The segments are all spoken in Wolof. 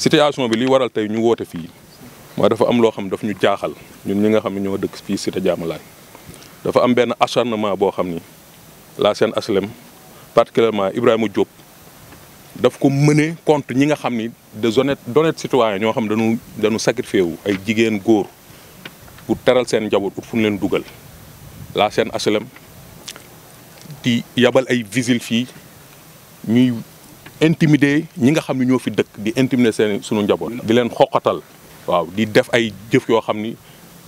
situation bi li waral tey ñu woote fii mooy dafa am loo xam daf ñu jaaxal ñun ñi nga xam ne ñoo dëkk fii cité Diamalaye dafa am benn acharnement boo xam ni la seen aslem particulièrement Ibrahima Diop daf ko mëne contre ñi nga xam ni des honnêtes d'honnêtes citoyens ñoo xam dañu dañu sacrifié wu ay jigéen góor pour teral seen njaboot pour fu ñu leen dugal la seen aslem di yabal ay vigiles fii ñuy intimider ñi nga xam ne ñoo fi dëkk di intimider seen suñu njaboot. di leen xoqatal waaw di def ay jëf yoo xam ni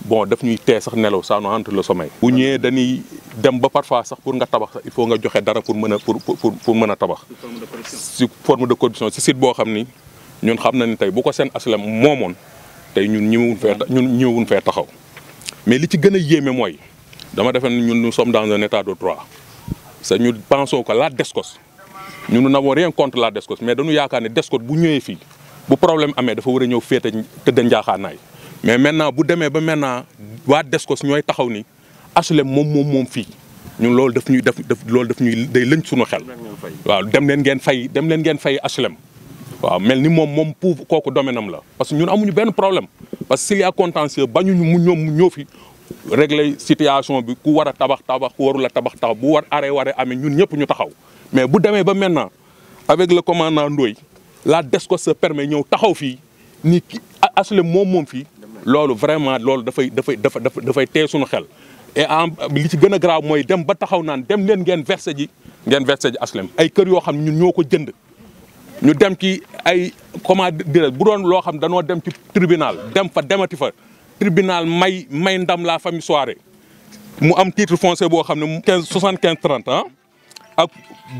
bon daf ñuy tee sax nelaw ça nous hante le sommeil. bu ñëwee dañuy dem ba parfois sax pour nga tabax sax il faut nga joxe dara pour mën a pour pour pour mën a tabax. si forme de condition si site boo xam ni ñun xam na ni tey bu ko seen aslam moomoon tey ñun ñëwuñ fee ñun ñëwuñ fee taxaw mais li ci gën a yéeme mooy dama defe ñun nous sommes dans un état de droit c'est ñu pensons que la DSCOS ñu nous n'avons rien contre la descos mais dañu yaakaar ne descos bu ñëwee fii bu problème amé dafa war a ñëw féete tëdd njaaxaanaay mais maintenant bu démé ba maintenant wa descos ñoy taxaw ni HLM mom mom mom fi ñun lool daf ñuy def daf loolu daf ñuy day leñ suñu xel. waaw dem leen ngeen fay dem leen ngeen fay HLM. waaw melni mom mom moom koku kooku domaine am la parce que ñun amuñu benn problème parce que s'il y a contentieux bañu ñu ñom ñoo fi régler situation bi ku wara tabax tabax ku waru la tabax tabax bu war arrêt waré amé ñun ñëpp ñu taxaw mais bu demee ba maintenant avec le commandant Ndoye la DSCOS se permet ñëw taxaw fii ni Aslem moom moom fii loolu vraiment loolu dafay dafay dafa dafay tee suñu xel et en li ci gën a grave mooy dem ba taxaw naan dem leen ngeen versé ji ngeen versé Aslem ay kër yoo xam ñun ñoo ko jënd ñu dem ci ay comment dire bu doon loo xam danoo dem ci tribunal dem fa demati fa tribunal may may ndam la famille soirée mu am titre foncier boo xam ne 15 75 30 hein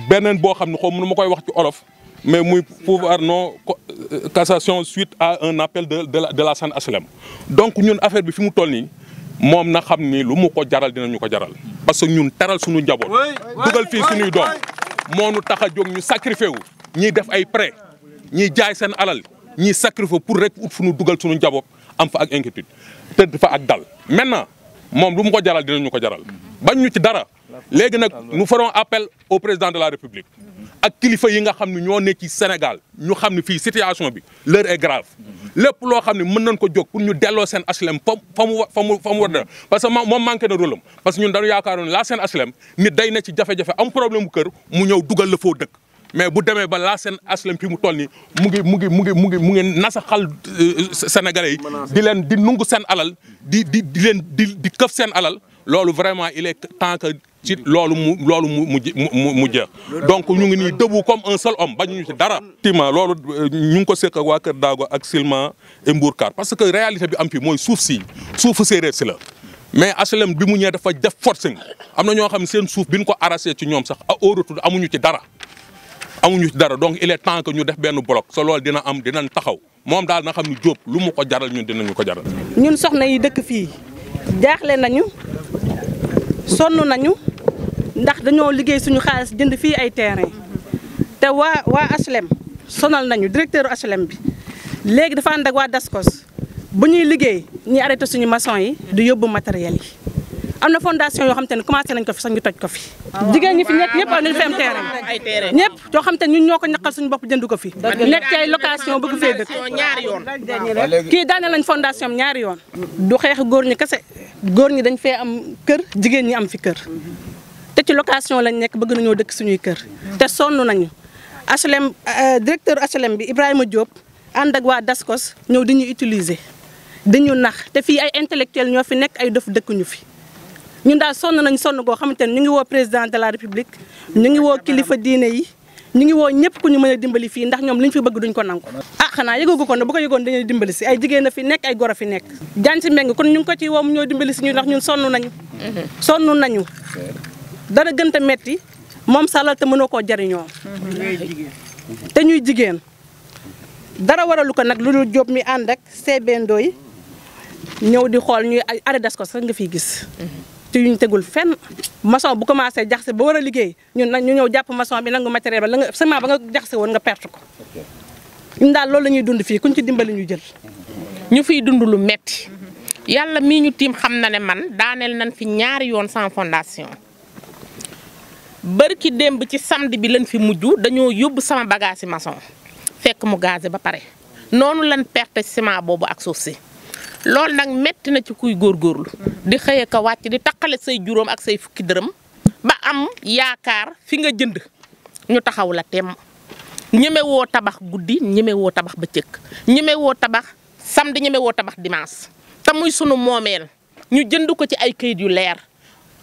benen bo xamni xam ne xaw ma koy wax ci olof mais muy pouvoir non euh, cassation suite à un appel de de la de la San HLM donc ñun affaire bi fi mu toll nii moom na xamni ni lu mu ko jaral dinañu ko jaral parce que ñun taral suñu njaboot duggal fi suñuy doom moo nu tax a ñu sacrifié wu ñi def ay prêt ñi jaay sen alal ñi sacrifié pour rek ut fu duggal suñu njaboot am fa ak inquiétude te fa ak dal maintenant mom lu mu ko jaral dinañu ko jaral bañ ñu ci dara légui nak nous ferons appel au président de la république ak kilifa yi nga xamni ño nekk ci Sénégal ñu xamni fi situation bi l'heure est grave lepp lo xamni ne mën nañ ko jog pour ñu délo sen HLM famu famu famu fa parce que moom manké na rôle parce que ñun dañu yaakaaroon la sen HLM nit day na ci jafé jafé am problème keur mu ñew duggal le foo deuk mais bu démé ba la sen HLM fi mu toll nii mu ngi mu ngi mu ngi mu ngi mu ngi nasaxal euh, Sénégalais di len di nungu sen alal di di di leen di di këf seen alal loolu vraiment il est temps que ci loolu mu loolu donc ñu ngi nii debout comme un seul homme bañu ci dara. effectivement loolu euh, ñu ko sekk ak wa keur dago ak Silma et Mbourkar parce que réalité bi am fii mooy suuf si suufu séeréer la. mais HLM bi mu ñé dafa def forcing amna ño xam sen souf suuf bi ñu ko arraché ci ñom sax a au retour amuñu ci dara. amuñu ci dara donc il est temps que ñu def benn bloc so loolu dina am dinañ taxaw mom dal na xam ne Diop lu mu ko jaral ñun dinañu ko jaral. ñun soxna yi dëkk fi jaxlé nañu. sonn nañu ndax dañoo liggéey suñu xaalis jënd fii ay terrain te waa waa HLM sonal nañu directeur HLM bi léegi dafa ànd ak waa Dascos bu ñuy liggéey ñi arrêté suñu maçon yi di yóbbu matériel yi am na fondation yoo xam te ne commencé nañ ko fi sax ñu toj ko fi ah, jigéen ñi fi nekk ñëpp am nañu fi am terrain ñëpp yoo xam te ne ñun ñoo ko ñaqal suñu bopp jënd ko fi nekk ci ay location bëgg fee dëkk kii daane lañ fondation ñaari yoon du xeex góor ñi kese góor ñi dañ fee am kër jigéen ñi am fi kër te ci location lañ nekk bëgg nañoo dëkk suñuy kër te sonn nañu HLM euh, directeur HLM bi Ibrahima Diop ànd ak waa Dascos ñëw di ñu utiliser di nax te fii ay intellectuel ñoo fi nekk ay dof dëkkuñu fi ñun daal sonn nañ sonn goo xamante ne ñu ngi woo président de la république ñu ngi woo kilifa diine yi ñu ngi woo ñëpp ku ñu mën a dimbali fii ndax ñoom liñ fi bëgg duñ ko nangu ah xanaa yëgagu ko ne bu ko yëgoon dañuy dimbali si ay jigéen fi nekk ay goro fi nekk janci mbeng kon ñu ngi ko ci woo mu ñoo dimbali si ñu ndax ñun sonn nañu sonn nañu dara gënta metti moom salal te mënoo koo jariñoo te ñuy jigéen dara waralu ko nag lu dul jóob mi ànd ak seebendoo yi ñëw di xool ñuy des ko sax nga fiy gis te yuñ tegul fenn maçon bu commencé jaxase ba war a liggéey ñun nag ñu ñëw jàpp maçon bi nangu matériel ba la nga seulement ba nga jaxase woon nga perte ko ñun daal loolu la dund fii kuñ ci dimbali ñu jël ñu fiy dund lu metti yàlla mii ñu tiim xam na ne man daaneel nan fi ñaari yoon sans fondation bërki démb ci samedi bi lañ fi mujj dañoo yóbbu sama bagage yi fekk mu gazé ba pare noonu lañ perte ciment boobu ak suuf loolu nag metti na ci kuy góor góorlu mm-hmm. di xëye ka wàcc di taqale say juróom ak say fukki dërëm ba am yaakaar fi nga jënd ñu taxaw la tem ñemewoo tabax guddi ñemewoo tabax ba bëccëg ñemewoo tabax sam samedi ñemewoo tabax dimaas te muy sunu moomeel ñu jënd ko ci ay kayit yu leer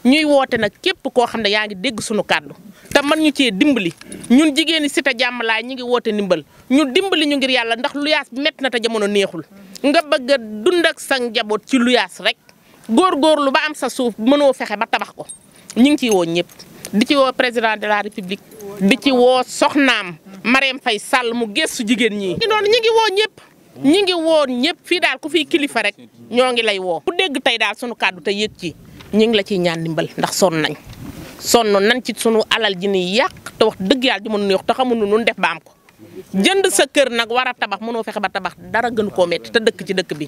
ñuy woote nag képp koo xam ne yaa ngi dégg sunu kàddu te man ñu cee dimbali ñun jigéen ñi jàmm Diamalaye ñu ngi woote ndimbal ñu dimbali ñu ngir yàlla ndax lu bi métti na te jamono neexul nga bëgg dund ak sa njaboot ci luyas rek lu ba am sa suuf mëno fexé ba tabax ko ñi ngi ci wo ñepp di ci wo président de la république di ci wo soxnam mariam fay Sall mu gessu jigen ñi. ñi non ñi ngi wo ñepp ñi ngi wo ñepp fi daal ku fi kilifa rek ñoo ngi lay wo ku dégg tay daal sunu kàddu te yëg ci ñi ngi la ci ñaan ndimbal ndax son nañ son nañ ci sunu alal ji ni yàq te wax dëgg yàlla ji mënuñu wax ñu def ba am ko. jënd sa kër nag war a tabax mënoo fexe ba tabax dara gën koo metti te dëkk ci dëkk bi